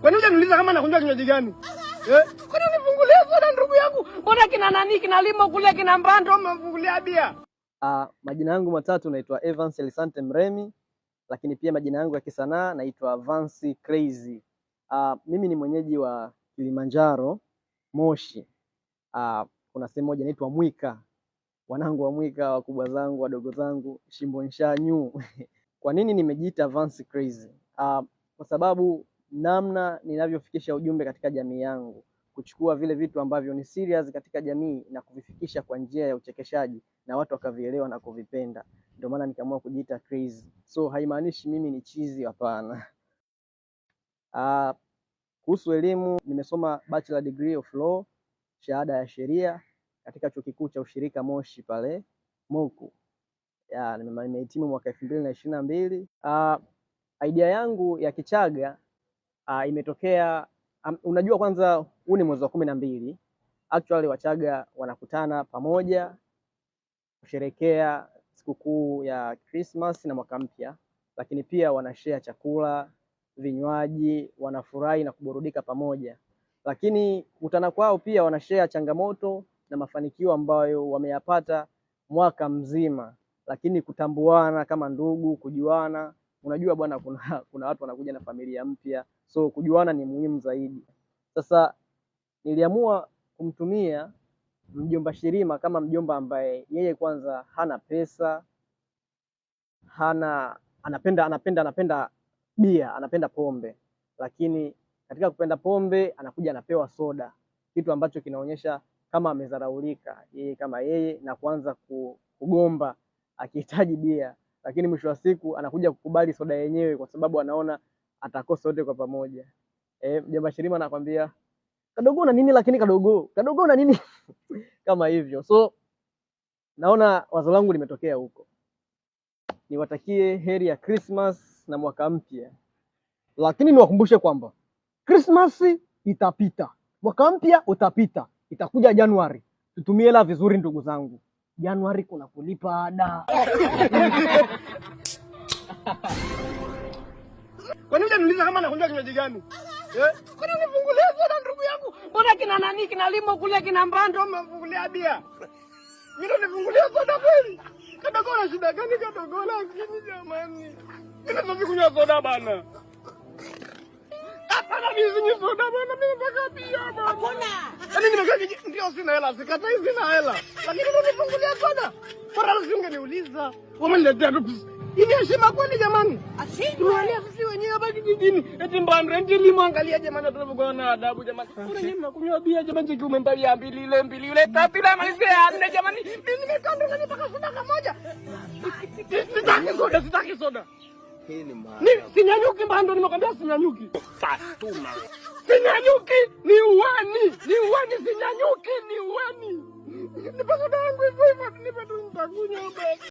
Kwani hujaniuliza kama nakunywa kinywaji gani? Eh? Kwani unifungulia soda ndugu yangu? Mbona kina nani kina limo kule kina mbando umefungulia bia? Uh, majina yangu matatu naitwa Evans Elisante Mremi, lakini pia majina yangu ya kisanaa naitwa Vansi Crazy. Uh, mimi ni mwenyeji wa Kilimanjaro Moshi. Uh, kuna sehemu moja inaitwa Mwika wanangu wa Mwika, wakubwa zangu, wadogo zangu, shimbo nyu kwa nini nimejiita Vance Crazy? Uh, kwa sababu namna ninavyofikisha ujumbe katika jamii yangu, kuchukua vile vitu ambavyo ni serious katika jamii na kuvifikisha kwa njia ya uchekeshaji na watu wakavielewa na kuvipenda, ndio maana nikaamua kujiita Crazy. So haimaanishi mimi ni chizi, hapana. Uh, kuhusu elimu nimesoma bachelor degree of law, shahada ya sheria katika chuo kikuu cha ushirika Moshi pale Moku. Nimehitimu mwaka elfu mbili na ishirini na mbili. Ah, idea yangu ya Kichaga uh, imetokea um, unajua kwanza huu ni mwezi wa kumi na mbili actually Wachaga wanakutana pamoja kusherekea sikukuu ya Christmas na mwaka mpya, lakini pia wanashare chakula, vinywaji, wanafurahi na kuburudika pamoja, lakini kukutana kwao pia wanashare changamoto na mafanikio ambayo wameyapata mwaka mzima, lakini kutambuana kama ndugu, kujuana. Unajua bwana, kuna kuna watu wanakuja na familia mpya, so kujuana ni muhimu zaidi. Sasa niliamua kumtumia mjomba Shirima kama mjomba ambaye yeye kwanza hana pesa, hana anapenda anapenda anapenda bia, anapenda pombe, lakini katika kupenda pombe anakuja anapewa soda, kitu ambacho kinaonyesha kama amedharaulika yeye kama yeye na kuanza kugomba akihitaji bia, lakini mwisho wa siku anakuja kukubali soda yenyewe kwa sababu anaona atakosa wote kwa pamoja. Eh, mjomba Shirima anakwambia kadogo na nini, lakini kadogo kadogo na nini kama hivyo. So naona wazo langu limetokea huko, niwatakie heri ya Christmas na mwaka mpya, lakini niwakumbushe kwamba Christmas itapita, mwaka mpya utapita itakuja Januari, tutumie hela vizuri ndugu zangu. Januari kuna kulipa ada. Kwani unaniuliza kama nakunywa kinywaji gani? Eh? eh? Kwani unifungulie soda ndugu yangu? Mbona kina nani kina limo kule kina mbando umefungulia bia? Mimi nifungulia soda kweli? Kada na shida gani kadogo kini jamani. Mimi ndio kunywa soda bana. Hapana mimi soda bana mimi mpaka bia bana. Hakuna. Yaani nimekaa kiji ndio sina hela, sikatai sina hela. Lakini nifungulia kona. Bora usingeniuliza. Wameniletea tu pesa. Hivi heshima kweli jamani? Asiji. Tuangalia sisi wenyewe hapa kijijini. Eti mbona ndio limwangalia jamani tunavyokuwa na adabu jamani. Kuna nini mnakunywa bia jamani chiki umembali ya mbili ile mbili ile tatu ile malize ya nne jamani. Mimi nimekaa ndo ndani paka soda moja. Sitaki soda, sitaki soda. Hii ni maana. Sinyanyuki mbando nimekwambia sinyanyuki. Fatuma. Sinyanyuki ni uwe ni uweni, sinyanyuki, ni uweni, nipe soda yangu hivyo hivyo, nipe tu, nitakunywa.